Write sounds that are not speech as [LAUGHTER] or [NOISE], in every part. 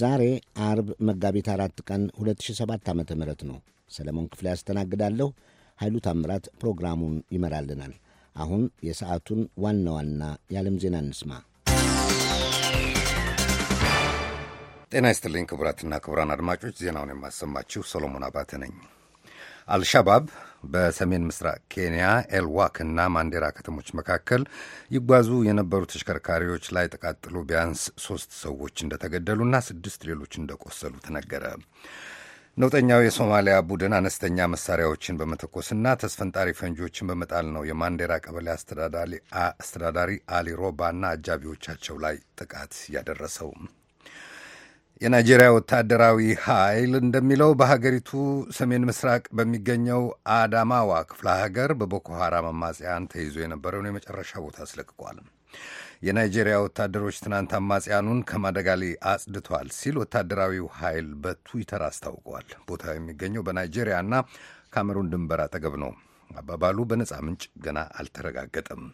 ዛሬ አርብ መጋቢት አራት ቀን 2007 ዓ ም ነው። ሰለሞን ክፍሌ ያስተናግዳለሁ። ኃይሉ ታምራት ፕሮግራሙን ይመራልናል። አሁን የሰዓቱን ዋና ዋና የዓለም ዜና እንስማ። ጤና ይስጥልኝ ክቡራትና ክቡራን አድማጮች ዜናውን የማሰማችሁ ሰሎሞን አባተ ነኝ። አልሻባብ በሰሜን ምስራቅ ኬንያ ኤልዋክ እና ማንዴራ ከተሞች መካከል ይጓዙ የነበሩ ተሽከርካሪዎች ላይ ተቃጥሎ ቢያንስ ሶስት ሰዎች እንደተገደሉና ስድስት ሌሎች እንደቆሰሉ ተነገረ። ነውጠኛው የሶማሊያ ቡድን አነስተኛ መሳሪያዎችን በመተኮስና ተስፈንጣሪ ፈንጂዎችን በመጣል ነው የማንዴራ ቀበሌ አስተዳዳሪ አሊ ሮባ አጃቢዎቻቸው ላይ ጥቃት ያደረሰው። የናይጄሪያ ወታደራዊ ኃይል እንደሚለው በሀገሪቱ ሰሜን ምስራቅ በሚገኘው አዳማዋ ክፍለ ሀገር በቦኮ ሐራም አማጽያን ተይዞ የነበረውን የመጨረሻ ቦታ አስለቅቋል። የናይጄሪያ ወታደሮች ትናንት አማጽያኑን ከማደጋሊ አጽድቷል ሲል ወታደራዊው ኃይል በትዊተር አስታውቋል። ቦታው የሚገኘው በናይጄሪያና ካሜሩን ድንበር አጠገብ ነው። አባባሉ በነፃ ምንጭ ገና አልተረጋገጠም።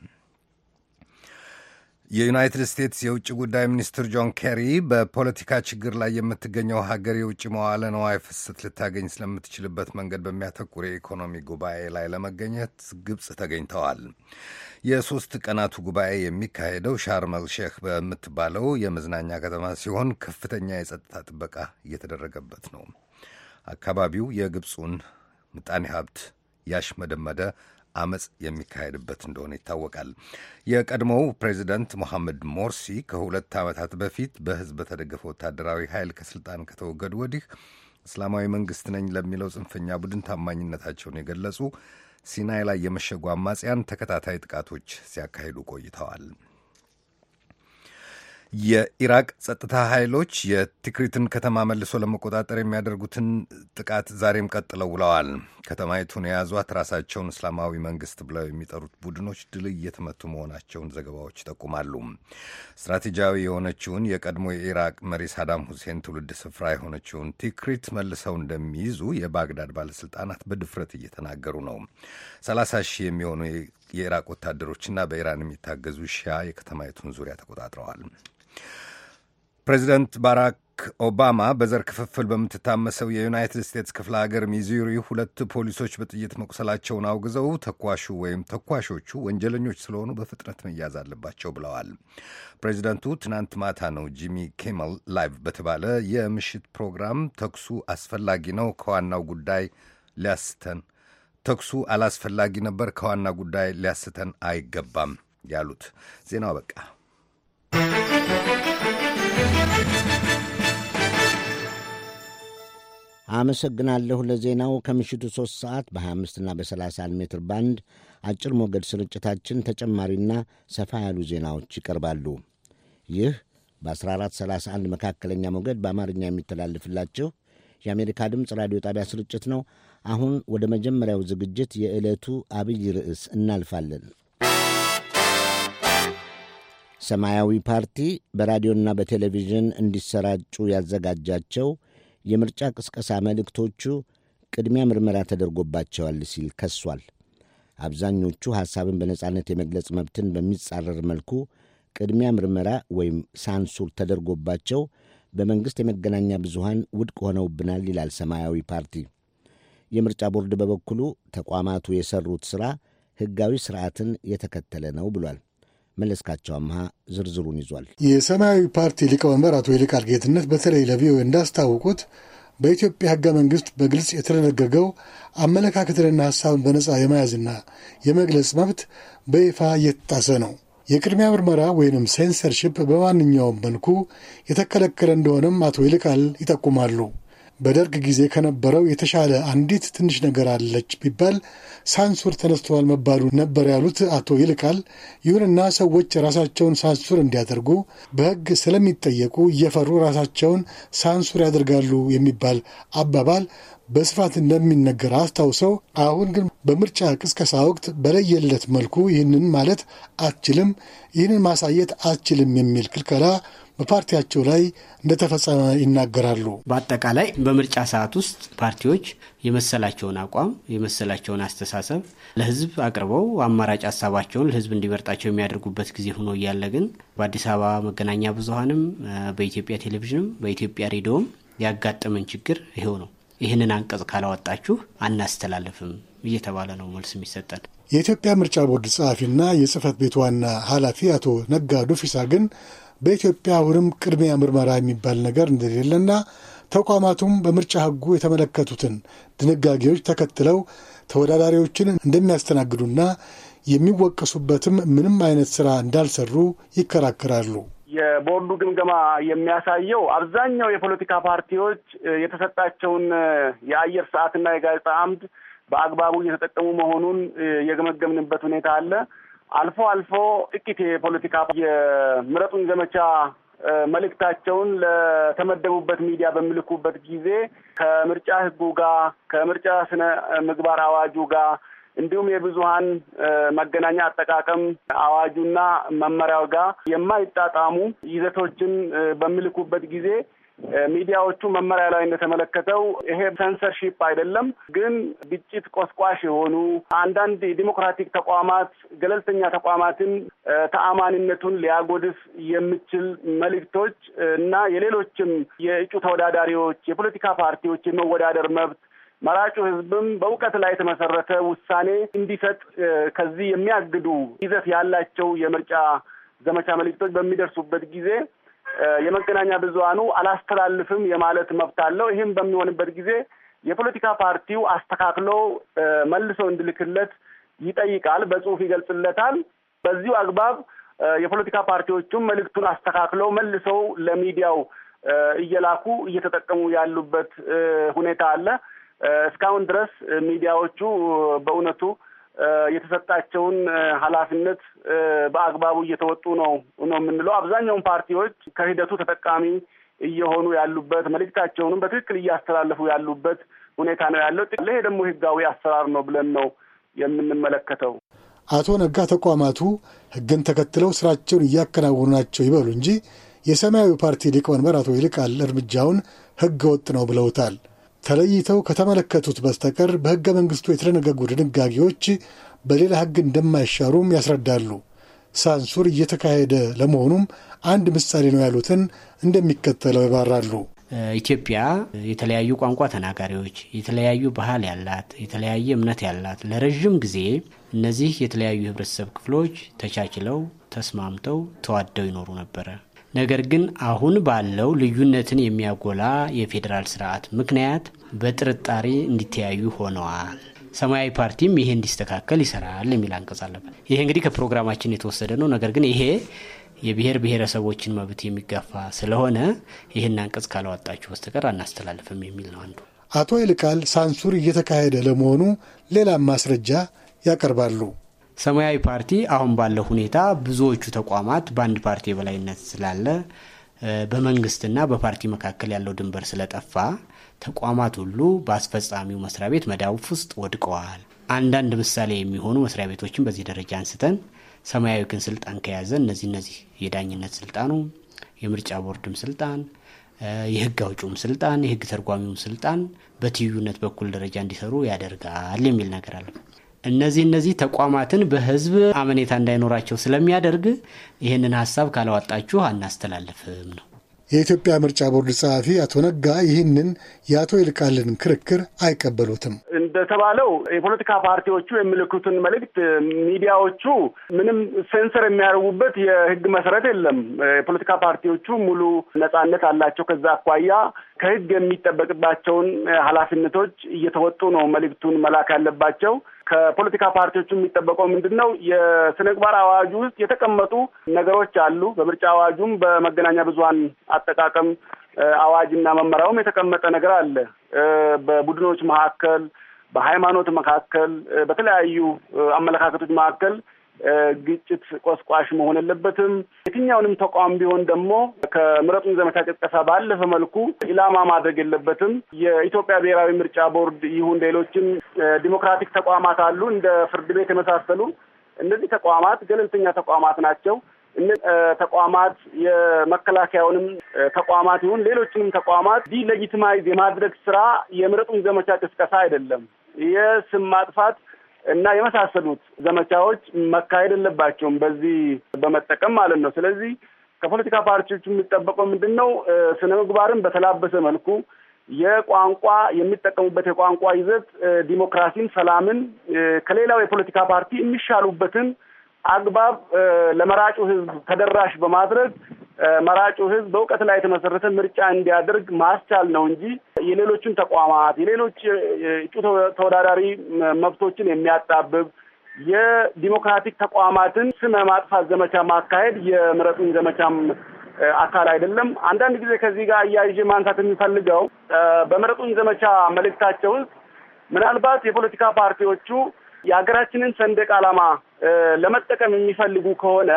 የዩናይትድ ስቴትስ የውጭ ጉዳይ ሚኒስትር ጆን ኬሪ በፖለቲካ ችግር ላይ የምትገኘው ሀገር የውጭ መዋለ ነዋይ ፍሰት ልታገኝ ስለምትችልበት መንገድ በሚያተኩር የኢኮኖሚ ጉባኤ ላይ ለመገኘት ግብፅ ተገኝተዋል። የሶስት ቀናቱ ጉባኤ የሚካሄደው ሻርመል ሼክ በምትባለው የመዝናኛ ከተማ ሲሆን ከፍተኛ የጸጥታ ጥበቃ እየተደረገበት ነው። አካባቢው የግብፁን ምጣኔ ሀብት ያሽመደመደ አመፅ የሚካሄድበት እንደሆነ ይታወቃል። የቀድሞው ፕሬዚደንት ሞሐመድ ሞርሲ ከሁለት ዓመታት በፊት በህዝብ በተደገፈ ወታደራዊ ኃይል ከስልጣን ከተወገዱ ወዲህ እስላማዊ መንግስት ነኝ ለሚለው ጽንፈኛ ቡድን ታማኝነታቸውን የገለጹ ሲናይ ላይ የመሸጉ አማጽያን ተከታታይ ጥቃቶች ሲያካሂዱ ቆይተዋል። የኢራቅ ጸጥታ ኃይሎች የትክሪትን ከተማ መልሶ ለመቆጣጠር የሚያደርጉትን ጥቃት ዛሬም ቀጥለው ውለዋል። ከተማይቱን የያዟት ራሳቸውን እስላማዊ መንግስት ብለው የሚጠሩት ቡድኖች ድል እየተመቱ መሆናቸውን ዘገባዎች ይጠቁማሉ። ስትራቴጂያዊ የሆነችውን የቀድሞ የኢራቅ መሪ ሳዳም ሁሴን ትውልድ ስፍራ የሆነችውን ቲክሪት መልሰው እንደሚይዙ የባግዳድ ባለስልጣናት በድፍረት እየተናገሩ ነው። ሰላሳ ሺህ የሚሆኑ የኢራቅ ወታደሮችና በኢራን የሚታገዙ ሺያ የከተማይቱን ዙሪያ ተቆጣጥረዋል። ፕሬዚደንት ባራክ ኦባማ በዘር ክፍፍል በምትታመሰው የዩናይትድ ስቴትስ ክፍለ ሀገር ሚዙሪ ሁለት ፖሊሶች በጥይት መቁሰላቸውን አውግዘው ተኳሹ ወይም ተኳሾቹ ወንጀለኞች ስለሆኑ በፍጥነት መያዝ አለባቸው ብለዋል። ፕሬዚደንቱ ትናንት ማታ ነው ጂሚ ኬመል ላይቭ በተባለ የምሽት ፕሮግራም ተኩሱ አስፈላጊ ነው ከዋናው ጉዳይ ሊያስተን ተኩሱ አላስፈላጊ ነበር ከዋና ጉዳይ ሊያስተን አይገባም ያሉት። ዜናው በቃ አመሰግናለሁ ለዜናው። ከምሽቱ 3 ሰዓት በ25 እና በ31 ሜትር ባንድ አጭር ሞገድ ስርጭታችን ተጨማሪና ሰፋ ያሉ ዜናዎች ይቀርባሉ። ይህ በ1431 መካከለኛ ሞገድ በአማርኛ የሚተላለፍላችሁ የአሜሪካ ድምፅ ራዲዮ ጣቢያ ስርጭት ነው። አሁን ወደ መጀመሪያው ዝግጅት የዕለቱ አብይ ርዕስ እናልፋለን። ሰማያዊ ፓርቲ በራዲዮና በቴሌቪዥን እንዲሰራጩ ያዘጋጃቸው የምርጫ ቅስቀሳ መልእክቶቹ ቅድሚያ ምርመራ ተደርጎባቸዋል ሲል ከሷል። አብዛኞቹ ሐሳብን በነጻነት የመግለጽ መብትን በሚጻረር መልኩ ቅድሚያ ምርመራ ወይም ሳንሱር ተደርጎባቸው በመንግሥት የመገናኛ ብዙሃን ውድቅ ሆነውብናል ይላል ሰማያዊ ፓርቲ። የምርጫ ቦርድ በበኩሉ ተቋማቱ የሠሩት ሥራ ሕጋዊ ሥርዓትን የተከተለ ነው ብሏል። መለስካቸው አምሃ ዝርዝሩን ይዟል። የሰማያዊ ፓርቲ ሊቀመንበር አቶ ይልቃል ጌትነት በተለይ ለቪኦኤ እንዳስታወቁት በኢትዮጵያ ሕገ መንግሥት በግልጽ የተደነገገው አመለካከትንና ሐሳብን በነጻ የመያዝና የመግለጽ መብት በይፋ እየተጣሰ ነው። የቅድሚያ ምርመራ ወይንም ሴንሰርሺፕ በማንኛውም መልኩ የተከለከለ እንደሆነም አቶ ይልቃል ይጠቁማሉ። በደርግ ጊዜ ከነበረው የተሻለ አንዲት ትንሽ ነገር አለች ቢባል ሳንሱር ተነስተዋል መባሉ ነበር ያሉት አቶ ይልቃል፣ ይሁንና ሰዎች ራሳቸውን ሳንሱር እንዲያደርጉ በሕግ ስለሚጠየቁ እየፈሩ ራሳቸውን ሳንሱር ያደርጋሉ የሚባል አባባል በስፋት እንደሚነገር አስታውሰው፣ አሁን ግን በምርጫ ቅስቀሳ ወቅት በለየለት መልኩ ይህንን ማለት አትችልም፣ ይህንን ማሳየት አትችልም የሚል ክልከላ በፓርቲያቸው ላይ እንደተፈጸመ ይናገራሉ። በአጠቃላይ በምርጫ ሰዓት ውስጥ ፓርቲዎች የመሰላቸውን አቋም የመሰላቸውን አስተሳሰብ ለሕዝብ አቅርበው አማራጭ ሀሳባቸውን ለሕዝብ እንዲመርጣቸው የሚያደርጉበት ጊዜ ሆኖ እያለ ግን በአዲስ አበባ መገናኛ ብዙኃንም በኢትዮጵያ ቴሌቪዥንም በኢትዮጵያ ሬዲዮም ያጋጠመን ችግር ይሄው ነው። ይህንን አንቀጽ ካላወጣችሁ አናስተላልፍም እየተባለ ነው መልስ የሚሰጠን። የኢትዮጵያ ምርጫ ቦርድ ጸሐፊና የጽህፈት ቤት ዋና ኃላፊ አቶ ነጋ ዱፊሳ ግን በኢትዮጵያ አሁንም ቅድሚያ ምርመራ የሚባል ነገር እንደሌለና ተቋማቱም በምርጫ ሕጉ የተመለከቱትን ድንጋጌዎች ተከትለው ተወዳዳሪዎችን እንደሚያስተናግዱና የሚወቀሱበትም ምንም አይነት ስራ እንዳልሰሩ ይከራከራሉ። የቦርዱ ግምገማ የሚያሳየው አብዛኛው የፖለቲካ ፓርቲዎች የተሰጣቸውን የአየር ሰዓትና የጋዜጣ አምድ በአግባቡ እየተጠቀሙ መሆኑን የገመገምንበት ሁኔታ አለ። አልፎ አልፎ ጥቂት የፖለቲካ የምረጡን ዘመቻ መልእክታቸውን ለተመደቡበት ሚዲያ በሚልኩበት ጊዜ ከምርጫ ሕጉ ጋር ከምርጫ ስነ ምግባር አዋጁ ጋር እንዲሁም የብዙሀን መገናኛ አጠቃቀም አዋጁና መመሪያው ጋር የማይጣጣሙ ይዘቶችን በሚልኩበት ጊዜ ሚዲያዎቹ መመሪያ ላይ እንደተመለከተው ይሄ ሰንሰርሺፕ አይደለም፣ ግን ግጭት ቆስቋሽ የሆኑ አንዳንድ የዲሞክራቲክ ተቋማት ገለልተኛ ተቋማትን ተአማኒነቱን ሊያጎድፍ የሚችል መልእክቶች እና የሌሎችም የእጩ ተወዳዳሪዎች የፖለቲካ ፓርቲዎች የመወዳደር መብት መራጩ ህዝብም በእውቀት ላይ የተመሰረተ ውሳኔ እንዲሰጥ ከዚህ የሚያግዱ ይዘት ያላቸው የምርጫ ዘመቻ መልእክቶች በሚደርሱበት ጊዜ የመገናኛ ብዙሀኑ አላስተላልፍም የማለት መብት አለው። ይህም በሚሆንበት ጊዜ የፖለቲካ ፓርቲው አስተካክሎ መልሶ እንዲልክለት ይጠይቃል፣ በጽሁፍ ይገልጽለታል። በዚሁ አግባብ የፖለቲካ ፓርቲዎቹም መልእክቱን አስተካክለው መልሰው ለሚዲያው እየላኩ እየተጠቀሙ ያሉበት ሁኔታ አለ። እስካሁን ድረስ ሚዲያዎቹ በእውነቱ የተሰጣቸውን ኃላፊነት በአግባቡ እየተወጡ ነው ነው የምንለው። አብዛኛውን ፓርቲዎች ከሂደቱ ተጠቃሚ እየሆኑ ያሉበት መልእክታቸውንም በትክክል እያስተላለፉ ያሉበት ሁኔታ ነው ያለው። ይሄ ደግሞ ህጋዊ አሰራር ነው ብለን ነው የምንመለከተው። አቶ ነጋ ተቋማቱ ህግን ተከትለው ስራቸውን እያከናወኑ ናቸው ይበሉ እንጂ የሰማያዊ ፓርቲ ሊቀመንበር አቶ ይልቃል እርምጃውን ህገ ወጥ ነው ብለውታል። ተለይተው ከተመለከቱት በስተቀር በሕገ መንግሥቱ የተደነገጉ ድንጋጌዎች በሌላ ሕግ እንደማይሻሩም ያስረዳሉ። ሳንሱር እየተካሄደ ለመሆኑም አንድ ምሳሌ ነው ያሉትን እንደሚከተለው ይባራሉ። ኢትዮጵያ የተለያዩ ቋንቋ ተናጋሪዎች፣ የተለያዩ ባህል ያላት፣ የተለያየ እምነት ያላት ለረዥም ጊዜ እነዚህ የተለያዩ የህብረተሰብ ክፍሎች ተቻችለው ተስማምተው ተዋደው ይኖሩ ነበረ። ነገር ግን አሁን ባለው ልዩነትን የሚያጎላ የፌዴራል ስርዓት ምክንያት በጥርጣሬ እንዲተያዩ ሆነዋል። ሰማያዊ ፓርቲም ይሄ እንዲስተካከል ይሰራል የሚል አንቀጽ አለበት። ይሄ እንግዲህ ከፕሮግራማችን የተወሰደ ነው። ነገር ግን ይሄ የብሔር ብሔረሰቦችን መብት የሚጋፋ ስለሆነ ይህን አንቀጽ ካላወጣችሁ በስተቀር አናስተላልፍም የሚል ነው አንዱ። አቶ ይልቃል ሳንሱር እየተካሄደ ለመሆኑ ሌላም ማስረጃ ያቀርባሉ። ሰማያዊ ፓርቲ አሁን ባለው ሁኔታ ብዙዎቹ ተቋማት በአንድ ፓርቲ የበላይነት ስላለ በመንግስትና በፓርቲ መካከል ያለው ድንበር ስለጠፋ ተቋማት ሁሉ በአስፈጻሚው መስሪያ ቤት መዳፍ ውስጥ ወድቀዋል። አንዳንድ ምሳሌ የሚሆኑ መስሪያ ቤቶችን በዚህ ደረጃ አንስተን ሰማያዊ ግን ስልጣን ከያዘ እነዚህ እነዚህ የዳኝነት ስልጣኑ፣ የምርጫ ቦርድም ስልጣን፣ የህግ አውጪውም ስልጣን፣ የህግ ተርጓሚውም ስልጣን በትይዩነት በኩል ደረጃ እንዲሰሩ ያደርጋል የሚል ነገር አለ። እነዚህ እነዚህ ተቋማትን በህዝብ አመኔታ እንዳይኖራቸው ስለሚያደርግ ይህንን ሀሳብ ካላወጣችሁ አናስተላልፍም ነው። የኢትዮጵያ ምርጫ ቦርድ ጸሐፊ አቶ ነጋ ይህንን የአቶ ይልቃልን ክርክር አይቀበሉትም። እንደተባለው የፖለቲካ ፓርቲዎቹ የሚልኩትን መልእክት ሚዲያዎቹ ምንም ሴንሰር የሚያደርጉበት የህግ መሰረት የለም። የፖለቲካ ፓርቲዎቹ ሙሉ ነጻነት አላቸው። ከዛ አኳያ ከህግ የሚጠበቅባቸውን ኃላፊነቶች እየተወጡ ነው መልእክቱን መላክ ያለባቸው። ከፖለቲካ ፓርቲዎቹ የሚጠበቀው ምንድን ነው? የስነ ምግባር አዋጁ ውስጥ የተቀመጡ ነገሮች አሉ። በምርጫ አዋጁም በመገናኛ ብዙኃን አጠቃቀም አዋጅና መመሪያውም የተቀመጠ ነገር አለ። በቡድኖች መካከል፣ በሃይማኖት መካከል፣ በተለያዩ አመለካከቶች መካከል ግጭት ቆስቋሽ መሆን የለበትም። የትኛውንም ተቋም ቢሆን ደግሞ ከምረጡን ዘመቻ ቅስቀሳ ባለፈ መልኩ ኢላማ ማድረግ የለበትም። የኢትዮጵያ ብሔራዊ ምርጫ ቦርድ ይሁን ሌሎችም ዲሞክራቲክ ተቋማት አሉ፣ እንደ ፍርድ ቤት የመሳሰሉ እነዚህ ተቋማት ገለልተኛ ተቋማት ናቸው። እነ ተቋማት የመከላከያውንም ተቋማት ይሁን ሌሎችንም ተቋማት ዲሌጂቲማይዝ የማድረግ ስራ የምረጡን ዘመቻ ቅስቀሳ አይደለም። የስም ማጥፋት እና የመሳሰሉት ዘመቻዎች መካሄድ የለባቸውም በዚህ በመጠቀም ማለት ነው። ስለዚህ ከፖለቲካ ፓርቲዎች የሚጠበቀው ምንድን ነው? ስነ ምግባርን በተላበሰ መልኩ የቋንቋ የሚጠቀሙበት የቋንቋ ይዘት ዲሞክራሲን፣ ሰላምን ከሌላው የፖለቲካ ፓርቲ የሚሻሉበትን አግባብ ለመራጩ ህዝብ ተደራሽ በማድረግ መራጩ ህዝብ በእውቀት ላይ የተመሰረተ ምርጫ እንዲያደርግ ማስቻል ነው እንጂ የሌሎችን ተቋማት የሌሎች እጩ ተወዳዳሪ መብቶችን የሚያጣብብ የዲሞክራቲክ ተቋማትን ስመ ማጥፋት ዘመቻ ማካሄድ የምረጡኝ ዘመቻም አካል አይደለም። አንዳንድ ጊዜ ከዚህ ጋር አያይዤ ማንሳት የሚፈልገው በምረጡኝ ዘመቻ መልእክታቸው ውስጥ ምናልባት የፖለቲካ ፓርቲዎቹ የሀገራችንን ሰንደቅ ዓላማ ለመጠቀም የሚፈልጉ ከሆነ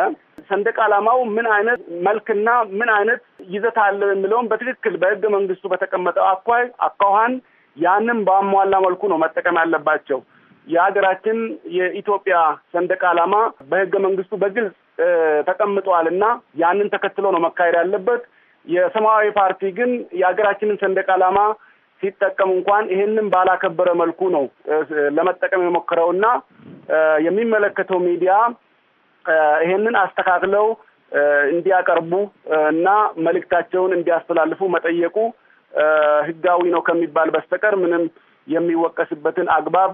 ሰንደቅ ዓላማው ምን አይነት መልክና ምን አይነት ይዘት አለው የሚለውን በትክክል በህገ መንግስቱ በተቀመጠው አኳይ አኳኋን ያንን በአሟላ መልኩ ነው መጠቀም ያለባቸው። የሀገራችን የኢትዮጵያ ሰንደቅ ዓላማ በህገ መንግስቱ በግልጽ ተቀምጠዋል እና ያንን ተከትሎ ነው መካሄድ ያለበት። የሰማያዊ ፓርቲ ግን የሀገራችንን ሰንደቅ ዓላማ ሲጠቀም እንኳን ይህንን ባላከበረ መልኩ ነው ለመጠቀም የሞከረው እና የሚመለከተው ሚዲያ ይሄንን አስተካክለው እንዲያቀርቡ እና መልእክታቸውን እንዲያስተላልፉ መጠየቁ ህጋዊ ነው ከሚባል በስተቀር ምንም የሚወቀስበትን አግባብ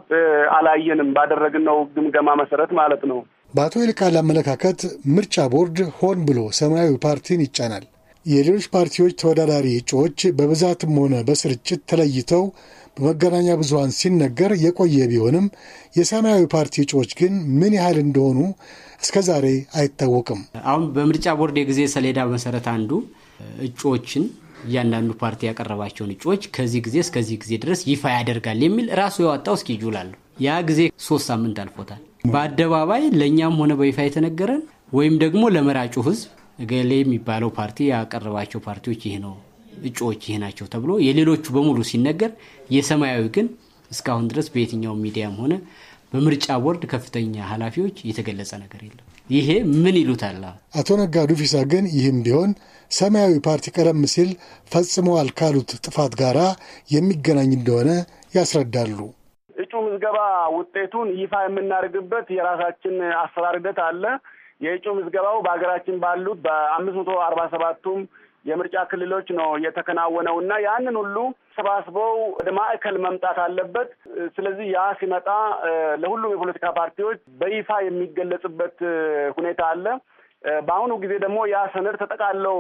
አላየንም፣ ባደረግነው ግምገማ መሰረት ማለት ነው። በአቶ ይልቃል አመለካከት ምርጫ ቦርድ ሆን ብሎ ሰማያዊ ፓርቲን ይጫናል። የሌሎች ፓርቲዎች ተወዳዳሪ እጩዎች በብዛትም ሆነ በስርጭት ተለይተው በመገናኛ ብዙሀን ሲነገር የቆየ ቢሆንም የሰማያዊ ፓርቲ እጩዎች ግን ምን ያህል እንደሆኑ እስከ ዛሬ አይታወቅም። አሁን በምርጫ ቦርድ የጊዜ ሰሌዳ መሰረት አንዱ እጩዎችን እያንዳንዱ ፓርቲ ያቀረባቸውን እጩዎች ከዚህ ጊዜ እስከዚህ ጊዜ ድረስ ይፋ ያደርጋል የሚል ራሱ ያወጣው እስኪ ጁላሉ ያ ጊዜ ሶስት ሳምንት አልፎታል። በአደባባይ ለእኛም ሆነ በይፋ የተነገረን ወይም ደግሞ ለመራጩ ህዝብ እገሌ የሚባለው ፓርቲ ያቀረባቸው ፓርቲዎች ይህ ነው እጩዎች ይህ ናቸው ተብሎ የሌሎቹ በሙሉ ሲነገር የሰማያዊ ግን እስካሁን ድረስ በየትኛው ሚዲያም ሆነ በምርጫ ቦርድ ከፍተኛ ኃላፊዎች የተገለጸ ነገር የለም። ይሄ ምን ይሉታል? አቶ ነጋ ዱፊሳ ግን ይህም ቢሆን ሰማያዊ ፓርቲ ቀደም ሲል ፈጽመዋል ካሉት ጥፋት ጋራ የሚገናኝ እንደሆነ ያስረዳሉ። እጩ ምዝገባ ውጤቱን ይፋ የምናደርግበት የራሳችን አሰራር ሂደት አለ። የእጩ ምዝገባው በሀገራችን ባሉት በአምስት መቶ አርባ ሰባቱም የምርጫ ክልሎች ነው የተከናወነው እና ያንን ሁሉ ሰባስበው ወደ ማዕከል መምጣት አለበት። ስለዚህ ያ ሲመጣ ለሁሉም የፖለቲካ ፓርቲዎች በይፋ የሚገለጽበት ሁኔታ አለ። በአሁኑ ጊዜ ደግሞ ያ ሰነድ ተጠቃለው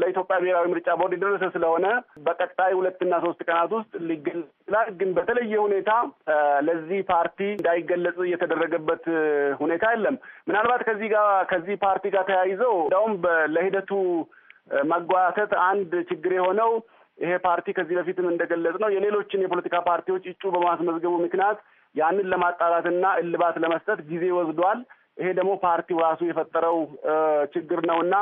ለኢትዮጵያ ብሔራዊ ምርጫ ቦርድ የደረሰ ስለሆነ በቀጣይ ሁለትና ሶስት ቀናት ውስጥ ሊገለጽ ይችላል። ግን በተለየ ሁኔታ ለዚህ ፓርቲ እንዳይገለጽ እየተደረገበት ሁኔታ የለም። ምናልባት ከዚህ ጋር ከዚህ ፓርቲ ጋር ተያይዘው እንዲያውም ለሂደቱ መጓተት አንድ ችግር የሆነው ይሄ ፓርቲ ከዚህ በፊትም እንደገለጽ ነው የሌሎችን የፖለቲካ ፓርቲዎች እጩ በማስመዝገቡ ምክንያት ያንን ለማጣራትና እልባት ለመስጠት ጊዜ ወስዷል። ይሄ ደግሞ ፓርቲው ራሱ የፈጠረው ችግር ነው እና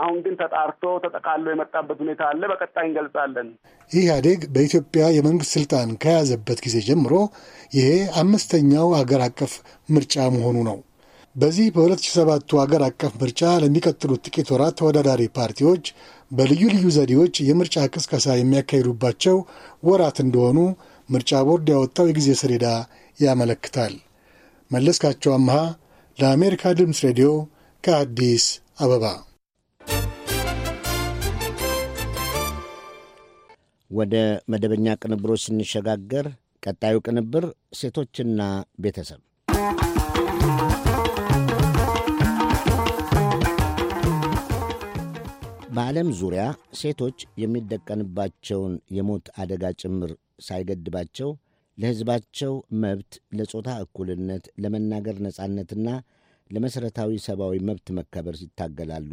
አሁን ግን ተጣርቶ ተጠቃሎ የመጣበት ሁኔታ አለ። በቀጣይ እንገልጻለን። ኢህአዴግ በኢትዮጵያ የመንግስት ስልጣን ከያዘበት ጊዜ ጀምሮ ይሄ አምስተኛው አገር አቀፍ ምርጫ መሆኑ ነው። በዚህ በ2007ቱ አገር አቀፍ ምርጫ ለሚቀጥሉት ጥቂት ወራት ተወዳዳሪ ፓርቲዎች በልዩ ልዩ ዘዴዎች የምርጫ ቅስቀሳ የሚያካሂዱባቸው ወራት እንደሆኑ ምርጫ ቦርድ ያወጣው የጊዜ ሰሌዳ ያመለክታል። መለስካቸው አምሃ ለአሜሪካ ድምፅ ሬዲዮ ከአዲስ አበባ ወደ መደበኛ ቅንብሮች ስንሸጋገር ቀጣዩ ቅንብር ሴቶችና ቤተሰብ በዓለም ዙሪያ ሴቶች የሚደቀንባቸውን የሞት አደጋ ጭምር ሳይገድባቸው ለሕዝባቸው መብት፣ ለጾታ እኩልነት፣ ለመናገር ነጻነትና ለመሠረታዊ ሰብአዊ መብት መከበር ይታገላሉ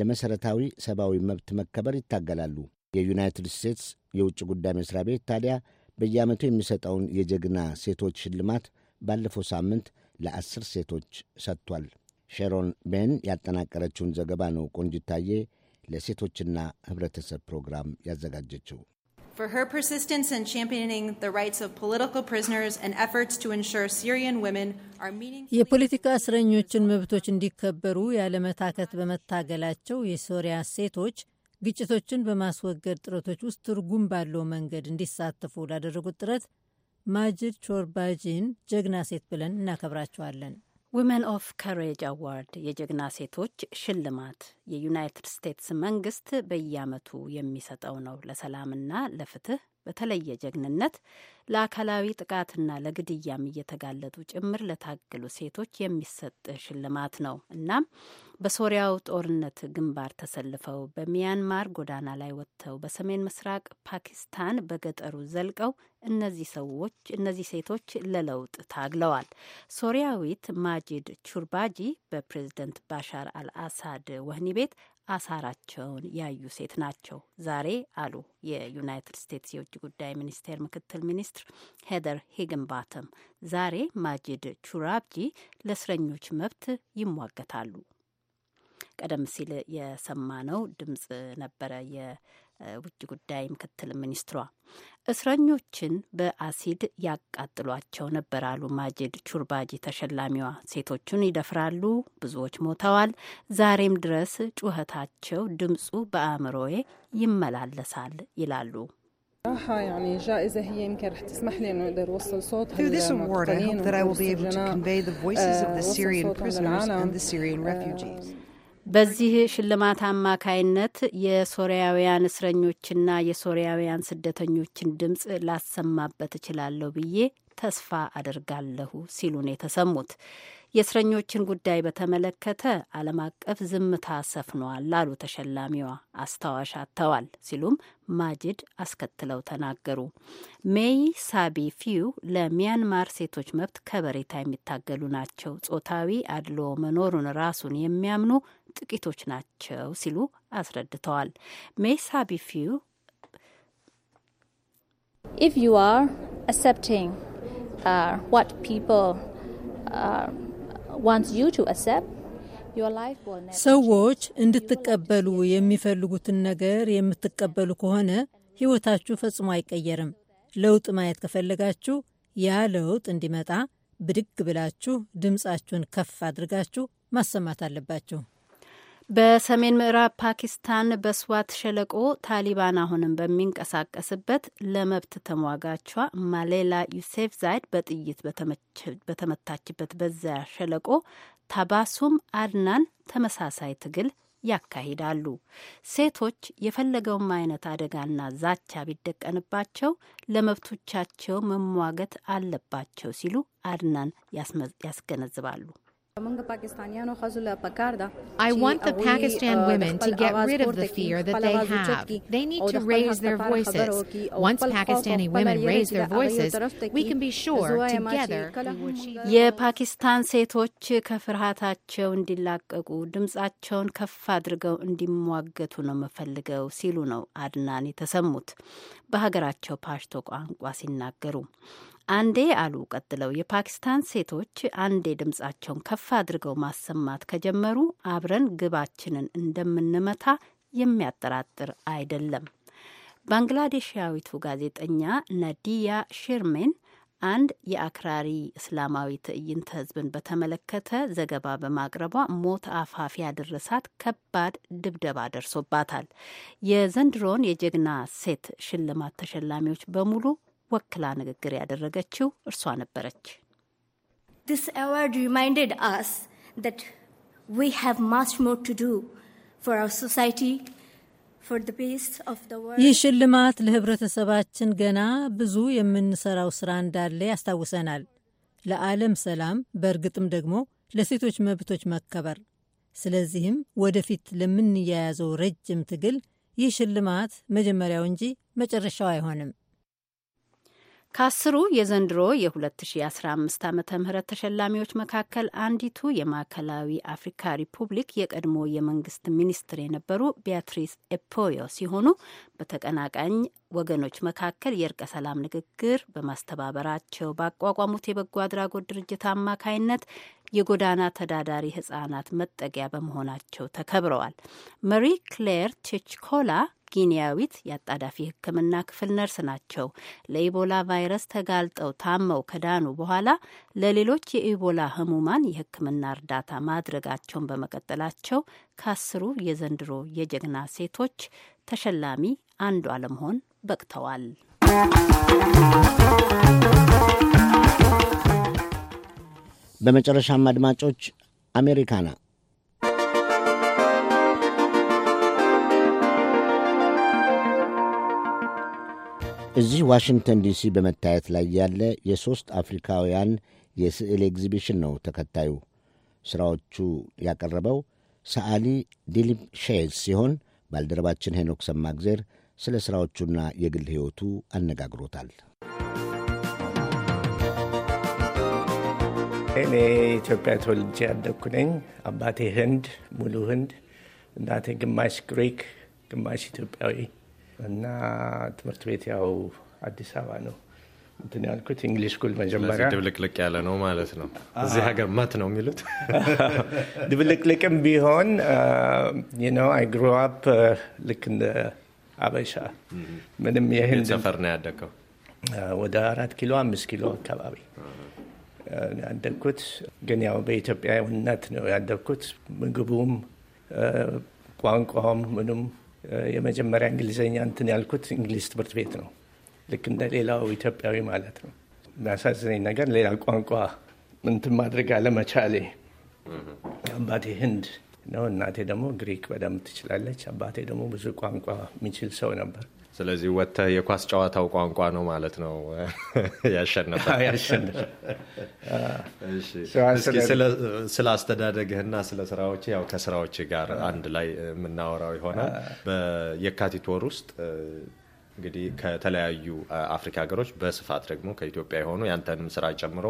ለመሠረታዊ ሰብአዊ መብት መከበር ይታገላሉ። የዩናይትድ ስቴትስ የውጭ ጉዳይ መሥሪያ ቤት ታዲያ በየዓመቱ የሚሰጠውን የጀግና ሴቶች ሽልማት ባለፈው ሳምንት ለአስር ሴቶች ሰጥቷል። ሼሮን ቤን ያጠናቀረችውን ዘገባ ነው ቆንጅታዬ ለሴቶችና ኅብረተሰብ ፕሮግራም ያዘጋጀችው። for her persistence in championing the rights of political prisoners and efforts to ensure Syrian women are meeting. የፖለቲካ እስረኞችን መብቶች እንዲከበሩ ያለመታከት በመታገላቸው የሶሪያ ሴቶች ግጭቶችን በማስወገድ ጥረቶች ውስጥ ትርጉም ባለው መንገድ እንዲሳተፉ ላደረጉት ጥረት ማጅድ ቾርባጂን ጀግና ሴት ብለን እናከብራቸዋለን። ዊመን ኦፍ ከሬጅ አዋርድ የጀግና ሴቶች ሽልማት የዩናይትድ ስቴትስ መንግስት በየአመቱ የሚሰጠው ነው። ለሰላምና ለፍትህ በተለየ ጀግንነት ለአካላዊ ጥቃትና ለግድያም እየተጋለጡ ጭምር ለታገሉ ሴቶች የሚሰጥ ሽልማት ነው። እናም በሶሪያው ጦርነት ግንባር ተሰልፈው በሚያንማር ጎዳና ላይ ወጥተው በሰሜን ምስራቅ ፓኪስታን በገጠሩ ዘልቀው እነዚህ ሰዎች እነዚህ ሴቶች ለለውጥ ታግለዋል። ሶሪያዊት ማጂድ ቹርባጂ በፕሬዝደንት ባሻር አልአሳድ ወህኒ ቤት አሳራቸውን ያዩ ሴት ናቸው ዛሬ አሉ የዩናይትድ ስቴትስ የውጭ ጉዳይ ሚኒስቴር ምክትል ሚኒስትር ሄደር ሂግንባተም። ዛሬ ማጂድ ቹራብጂ ለእስረኞች መብት ይሟገታሉ። ቀደም ሲል የሰማነው ድምጽ ነበረ ውጭ ጉዳይ ምክትል ሚኒስትሯ እስረኞችን በአሲድ ያቃጥሏቸው ነበር አሉ ቹርባጅ ቹርባጂ ተሸላሚዋ። ሴቶቹን ይደፍራሉ፣ ብዙዎች ሞተዋል። ዛሬም ድረስ ጩኸታቸው ድምፁ በአእምሮዬ ይመላለሳል ይላሉ። ራሳ በዚህ ሽልማት አማካይነት የሶሪያውያን እስረኞችና የሶሪያውያን ስደተኞችን ድምፅ ላሰማበት እችላለሁ ብዬ ተስፋ አድርጋለሁ ሲሉ ነው የተሰሙት። የእስረኞችን ጉዳይ በተመለከተ ዓለም አቀፍ ዝምታ ሰፍነዋል አሉ ተሸላሚዋ። አስታዋሽ አጥተዋል ሲሉም ማጅድ አስከትለው ተናገሩ። ሜይ ሳቢ ፊው ለሚያንማር ሴቶች መብት ከበሬታ የሚታገሉ ናቸው። ጾታዊ አድሎ መኖሩን ራሱን የሚያምኑ ጥቂቶች ናቸው ሲሉ አስረድተዋል። ሜይ ሳቢ ፊው ኢፍ ዩ አር አሰፕቲንግ Uh, uh, ሰዎች እንድትቀበሉ የሚፈልጉትን ነገር የምትቀበሉ ከሆነ ሕይወታችሁ ፈጽሞ አይቀየርም። ለውጥ ማየት ከፈለጋችሁ ያ ለውጥ እንዲመጣ ብድግ ብላችሁ ድምፃችሁን ከፍ አድርጋችሁ ማሰማት አለባችሁ። በሰሜን ምዕራብ ፓኪስታን በስዋት ሸለቆ ታሊባን አሁንም በሚንቀሳቀስበት ለመብት ተሟጋቿ ማሌላ ዩሴፍ ዛይድ በጥይት በተመታችበት በዚያ ሸለቆ ታባሱም አድናን ተመሳሳይ ትግል ያካሂዳሉ። ሴቶች የፈለገውም አይነት አደጋና ዛቻ ቢደቀንባቸው ለመብቶቻቸው መሟገት አለባቸው ሲሉ አድናን ያስገነዝባሉ። I want the Pakistan women to get rid of the fear that they have. They need to raise their voices. Once Pakistani women raise their voices, we can be sure together የፓኪስታን ሴቶች ከፍርሃታቸው እንዲላቀቁ ድምጻቸውን ከፍ አድርገው እንዲሟገቱ ነው የምፈልገው ሲሉ ነው አድናን የተሰሙት በሀገራቸው ፓሽቶ ቋንቋ ሲናገሩ አንዴ አሉ ቀጥለው የፓኪስታን ሴቶች አንዴ ድምጻቸውን ከፍ አድርገው ማሰማት ከጀመሩ አብረን ግባችንን እንደምንመታ የሚያጠራጥር አይደለም። ባንግላዴሻዊቱ ጋዜጠኛ ነዲያ ሽርሜን አንድ የአክራሪ እስላማዊ ትዕይንተ ህዝብን በተመለከተ ዘገባ በማቅረቧ ሞት አፋፍ ያደረሳት ከባድ ድብደባ ደርሶባታል። የዘንድሮን የጀግና ሴት ሽልማት ተሸላሚዎች በሙሉ ወክላ ንግግር ያደረገችው እርሷ ነበረች። ዲስ award reminded us that we have much more ይህ ሽልማት ለህብረተሰባችን ገና ብዙ የምንሰራው ስራ እንዳለ ያስታውሰናል። ለዓለም ሰላም፣ በእርግጥም ደግሞ ለሴቶች መብቶች መከበር። ስለዚህም ወደፊት ለምንያያዘው ረጅም ትግል ይህ ሽልማት መጀመሪያው እንጂ መጨረሻው አይሆንም። ከአስሩ የዘንድሮ የ2015 ዓ ም ተሸላሚዎች መካከል አንዲቱ የማዕከላዊ አፍሪካ ሪፑብሊክ የቀድሞ የመንግስት ሚኒስትር የነበሩ ቢያትሪስ ኤፖዮ ሲሆኑ በተቀናቃኝ ወገኖች መካከል የእርቀ ሰላም ንግግር በማስተባበራቸው ባቋቋሙት የበጎ አድራጎት ድርጅት አማካይነት የጎዳና ተዳዳሪ ህጻናት መጠጊያ በመሆናቸው ተከብረዋል። መሪ ክሌር ቼችኮላ ጊኒያዊት የአጣዳፊ ሕክምና ክፍል ነርስ ናቸው። ለኢቦላ ቫይረስ ተጋልጠው ታመው ከዳኑ በኋላ ለሌሎች የኢቦላ ህሙማን የሕክምና እርዳታ ማድረጋቸውን በመቀጠላቸው ከአስሩ የዘንድሮ የጀግና ሴቶች ተሸላሚ አንዷ ለመሆን በቅተዋል። በመጨረሻም አድማጮች አሜሪካና እዚህ ዋሽንግተን ዲሲ በመታየት ላይ ያለ የሦስት አፍሪካውያን የስዕል ኤግዚቢሽን ነው ተከታዩ። ሥራዎቹ ያቀረበው ሰዓሊ ዲሊፕ ሼዝ ሲሆን ባልደረባችን ሄኖክ ሰማግዜር ስለ ሥራዎቹና የግል ሕይወቱ አነጋግሮታል። እኔ ኢትዮጵያ ተወልጄ ያደግኩ ነኝ። አባቴ ህንድ ሙሉ ህንድ፣ እናቴ ግማሽ ግሪክ ግማሽ ኢትዮጵያዊ እና ትምህርት ቤት ያው አዲስ አበባ ነው እንትን ያልኩት እንግሊሽ ስኩል መጀመሪያ ድብልቅልቅ ያለ ነው ማለት ነው። እዚህ ሀገር መት ነው የሚሉት [LAUGHS] ድብልቅልቅም ቢሆን ነው። አይ ግሮ አፕ ልክ እንደ አበሻ ምንም ይህን ሰፈር ነው ያደገው። ወደ አራት ኪሎ አምስት ኪሎ አካባቢ ያደግኩት ግን ያው በኢትዮጵያዊነት ነው ያደግኩት። ምግቡም ቋንቋም ምንም የመጀመሪያ እንግሊዝኛ እንትን ያልኩት እንግሊዝ ትምህርት ቤት ነው። ልክ እንደ ሌላው ኢትዮጵያዊ ማለት ነው። የሚያሳዝነኝ ነገር ሌላ ቋንቋ እንትን ማድረግ አለመቻሌ። አባቴ ህንድ ነው፣ እናቴ ደግሞ ግሪክ በደንብ ትችላለች። አባቴ ደግሞ ብዙ ቋንቋ የሚችል ሰው ነበር። ስለዚህ ወጥተህ የኳስ ጨዋታው ቋንቋ ነው ማለት ነው [LAUGHS] ያሸነፈ። ስለ አስተዳደግህና ስለ ስራዎች ያው ከስራዎች ጋር አንድ ላይ የምናወራው ይሆናል። በየካቲት ወር ውስጥ እንግዲህ ከተለያዩ አፍሪካ ሀገሮች በስፋት ደግሞ ከኢትዮጵያ የሆኑ ያንተንም ስራ ጨምሮ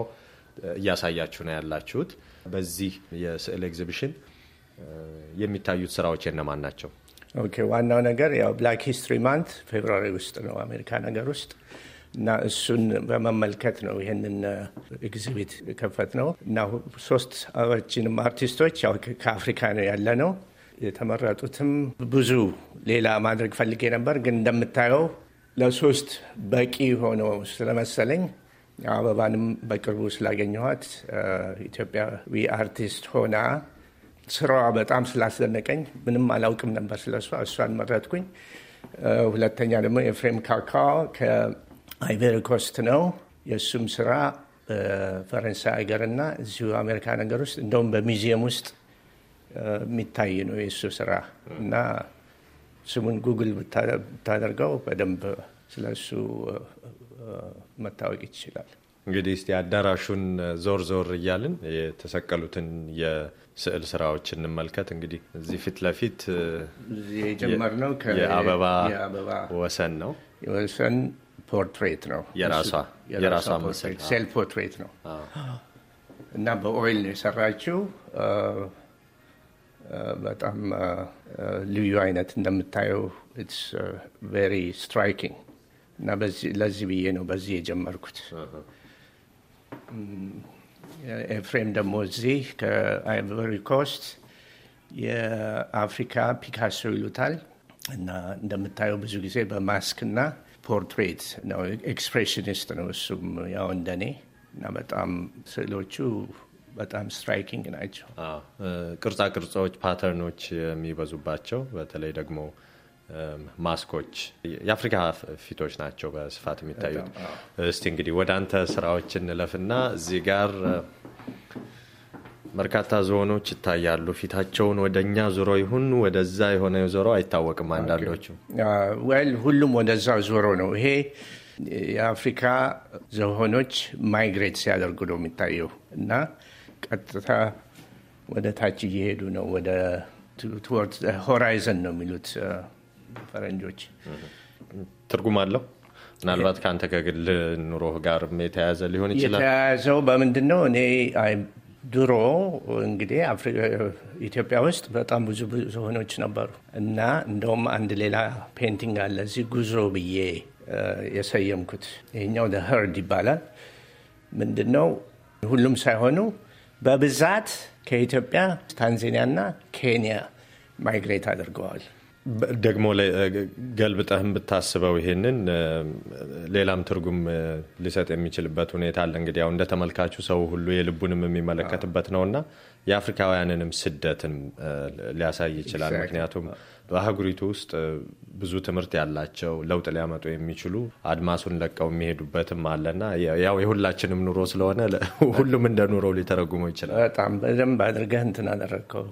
እያሳያችሁ ነው ያላችሁት። በዚህ የስዕል ኤግዚቢሽን የሚታዩት ስራዎች የነማን ናቸው? ኦኬ ዋናው ነገር ያው ብላክ ሂስትሪ ማንት ፌብሩዋሪ ውስጥ ነው አሜሪካ ነገር ውስጥ እና እሱን በመመልከት ነው ይህንን ኤግዚቢት ከፈት ነው እና ሶስት አበርጂንም አርቲስቶች ያው ከአፍሪካ ነው ያለ ነው የተመረጡትም ብዙ ሌላ ማድረግ ፈልጌ ነበር፣ ግን እንደምታየው ለሶስት በቂ ሆኖ ስለመሰለኝ አበባንም በቅርቡ ስላገኘኋት ኢትዮጵያዊ አርቲስት ሆና ስራዋ በጣም ስላስደነቀኝ ምንም አላውቅም ነበር ስለሷ፣ እሷን መረጥኩኝ። ሁለተኛ ደግሞ የፍሬም ካካ ኮስት ነው። የእሱም ስራ በፈረንሳይ ሀገርና እዚሁ አሜሪካ ነገር ውስጥ እንደውም በሚዚየም ውስጥ የሚታይ ነው የእሱ ስራ እና ስሙን ጉግል ብታደርገው በደንብ ስለ እሱ መታወቅ ይችላል። እንግዲህ እስቲ አዳራሹን ዞር ዞር እያልን የተሰቀሉትን ስዕል ስራዎች እንመልከት። እንግዲህ እዚህ ፊት ለፊት የጀመርነው የአበባ ወሰን ነው። ወሰን ፖርትሬት ነው፣ የራሷ ሴልፍ ፖርትሬት ነው እና በኦይል ነው የሰራችው። በጣም ልዩ አይነት እንደምታየው ስ ሪ ስትራይኪንግ እና ለዚህ ብዬ ነው በዚህ የጀመርኩት። ኤፍሬም ደግሞ እዚህ ከአይቨሪ ኮስት የአፍሪካ ፒካሶ ይሉታል እና እንደምታየው ብዙ ጊዜ በማስክና ፖርትሬት ነው። ኤክስፕሬሽኒስት ነው እሱም ያው እንደኔ እና በጣም ስዕሎቹ በጣም ስትራይኪንግ ናቸው። ቅርጻ ቅርጾች፣ ፓተርኖች የሚበዙባቸው በተለይ ደግሞ ማስኮች የአፍሪካ ፊቶች ናቸው በስፋት የሚታዩት። እስቲ እንግዲህ ወደ አንተ ስራዎች እንለፍና እዚህ ጋር በርካታ ዝሆኖች ይታያሉ። ፊታቸውን ወደ እኛ ዞሮ ይሁን ወደዛ የሆነ ዞሮ አይታወቅም። አንዳንዶቹ ወል ሁሉም ወደዛ ዞሮ ነው። ይሄ የአፍሪካ ዝሆኖች ማይግሬት ሲያደርጉ ነው የሚታየው እና ቀጥታ ወደ ታች እየሄዱ ነው ወደ ሆራይዘን ነው የሚሉት ፈረንጆች ትርጉም አለው። ምናልባት ከአንተ ከግል ኑሮህ ጋር የተያያዘ ሊሆን ይችላል። የተያያዘው በምንድን ነው? እኔ ድሮ እንግዲህ ኢትዮጵያ ውስጥ በጣም ብዙ ዝሆኖች ነበሩ እና እንደውም አንድ ሌላ ፔንቲንግ አለ እዚህ ጉዞ ብዬ የሰየምኩት ይህኛው ደህርድ ይባላል። ምንድን ነው ሁሉም ሳይሆኑ በብዛት ከኢትዮጵያ ታንዛኒያና ኬንያ ማይግሬት አድርገዋል። ደግሞ ገልብጠህም ብታስበው ይሄንን ሌላም ትርጉም ሊሰጥ የሚችልበት ሁኔታ አለ። እንግዲህ ያው እንደ ሰው ሁሉ የልቡንም የሚመለከትበት ነው እና የአፍሪካውያንንም ስደትን ሊያሳይ ይችላል። ምክንያቱም በአህጉሪቱ ውስጥ ብዙ ትምህርት ያላቸው ለውጥ ሊያመጡ የሚችሉ አድማሱን ለቀው የሚሄዱበትም አለና ያው የሁላችንም ኑሮ ስለሆነ ሁሉም እንደ ኑሮ ሊተረጉሞ ይችላል። በጣም በደንብ አድርገህ እንትን አደረግከው።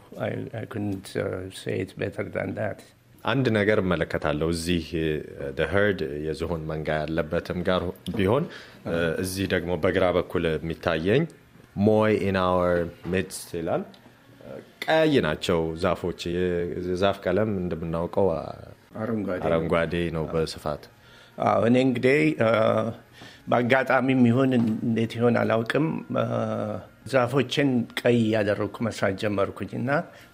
አንድ ነገር እመለከታለሁ እዚህ ደህርድ uh, የዝሆን መንጋ ያለበትም ጋር ቢሆን uh, እዚህ ደግሞ በግራ በኩል የሚታየኝ ሞይ ኢን ሜድስ ይላል። uh, ቀያይ ናቸው ዛፎች። የዛፍ ቀለም እንደምናውቀው አረንጓዴ ነው በስፋት። እኔ እንግዲህ በአጋጣሚ ይሁን እንዴት ይሆን አላውቅም፣ ዛፎችን ቀይ እያደረግኩ መስራት ጀመርኩኝ እና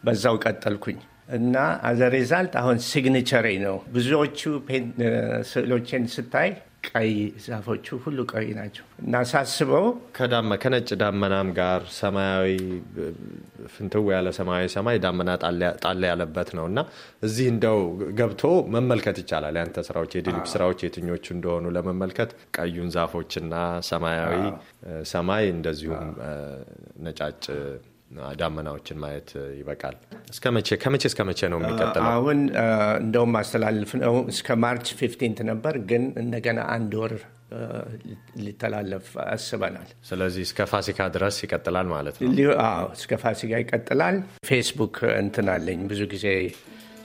በዛው ቀጠልኩኝ። እና አዘ ሬዛልት አሁን ሲግኒቸሬ ነው። ብዙዎቹ ስዕሎችን ስታይ ቀይ ዛፎቹ ሁሉ ቀይ ናቸው። እና ሳስበው ከነጭ ዳመናም ጋር ሰማያዊ ፍንትው ያለ ሰማያዊ ሰማይ ዳመና ጣላ ያለበት ነው እና እዚህ እንደው ገብቶ መመልከት ይቻላል። ያንተ ስራዎች የድሊፕ ስራዎች የትኞቹ እንደሆኑ ለመመልከት ቀዩን ዛፎችና ሰማያዊ ሰማይ እንደዚሁም ነጫጭ ዳመናዎችን ማየት ይበቃል። እስከ መቼ ከመቼ እስከ መቼ ነው የሚቀጥለው? አሁን እንደውም ማስተላለፍ ነው እስከ ማርች ፊፍቲንት ነበር፣ ግን እንደገና አንድ ወር ሊተላለፍ አስበናል። ስለዚህ እስከ ፋሲካ ድረስ ይቀጥላል ማለት ነው? አዎ እስከ ፋሲካ ይቀጥላል። ፌስቡክ እንትን አለኝ ብዙ ጊዜ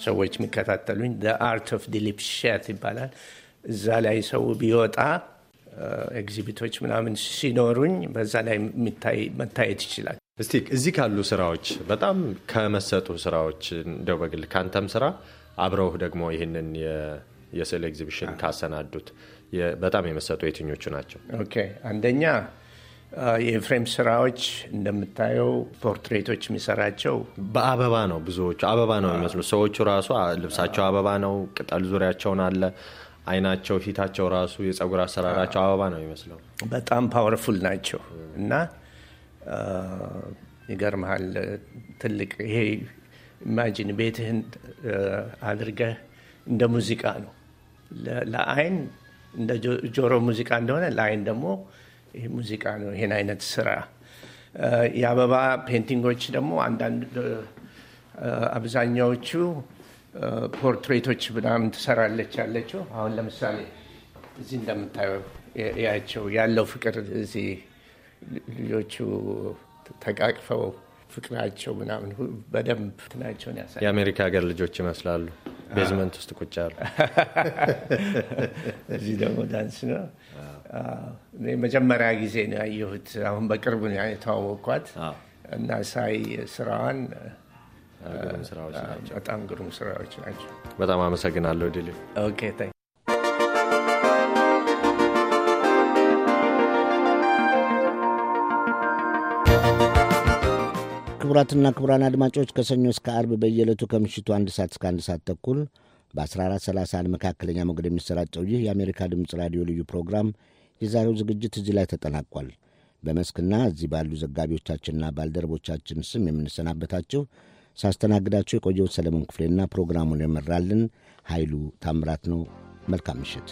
ሰዎች የሚከታተሉኝ አርት ኦፍ ዲሊፕ ሸት ይባላል። እዛ ላይ ሰው ቢወጣ ኤግዚቢቶች ምናምን ሲኖሩኝ በዛ ላይ መታየት ይችላል። እስቲ እዚህ ካሉ ስራዎች በጣም ከመሰጡ ስራዎች እንደው በግል ከአንተም ስራ አብረውህ ደግሞ ይህንን የስዕል ኤግዚቢሽን ካሰናዱት በጣም የመሰጡ የትኞቹ ናቸው? አንደኛ የፍሬም ስራዎች እንደምታየው ፖርትሬቶች የሚሰራቸው በአበባ ነው። ብዙዎቹ አበባ ነው የሚመስሉ ሰዎቹ ራሱ ልብሳቸው አበባ ነው። ቅጠል ዙሪያቸውን አለ። አይናቸው፣ ፊታቸው ራሱ የፀጉር አሰራራቸው አበባ ነው የሚመስለው። በጣም ፓወርፉል ናቸው እና ይገርመሃል ትልቅ ይሄ ኢማጂን ቤትህን አድርገህ እንደ ሙዚቃ ነው። ለአይን እንደ ጆሮ ሙዚቃ እንደሆነ ለአይን ደግሞ ይሄ ሙዚቃ ነው። ይህን አይነት ስራ የአበባ ፔንቲንጎች ደግሞ አንዳንድ አብዛኛዎቹ ፖርትሬቶች ምናምን ትሰራለች ያለችው። አሁን ለምሳሌ እዚህ እንደምታየው ያቸው ያለው ፍቅር እዚህ ልጆቹ ተቃቅፈው ፍቅራቸው ምናምን በደንብ እንትናቸውን ያሳያል። የአሜሪካ ሀገር ልጆች ይመስላሉ። ቤዝመንት ውስጥ ቁጭ አሉ። [LAUGHS] እዚህ ደግሞ ዳንስ ነው። መጀመሪያ ጊዜ ነው ያየሁት። አሁን በቅርቡ ነው የተዋወቅኳት እና ሳይ ስራዋን በጣም ግሩም ስራዎች ናቸው። በጣም አመሰግናለሁ ድል ክቡራትና ክቡራን አድማጮች ከሰኞ እስከ አርብ በየዕለቱ ከምሽቱ አንድ ሰዓት እስከ አንድ ሰዓት ተኩል በ 1430 መካከለኛ ሞገድ የሚሰራጨው ይህ የአሜሪካ ድምፅ ራዲዮ ልዩ ፕሮግራም የዛሬው ዝግጅት እዚህ ላይ ተጠናቋል። በመስክና እዚህ ባሉ ዘጋቢዎቻችንና ባልደረቦቻችን ስም የምንሰናበታችሁ ሳስተናግዳችሁ የቆየሁት ሰለሞን ክፍሌና ፕሮግራሙን የመራልን ኃይሉ ታምራት ነው። መልካም ምሽት።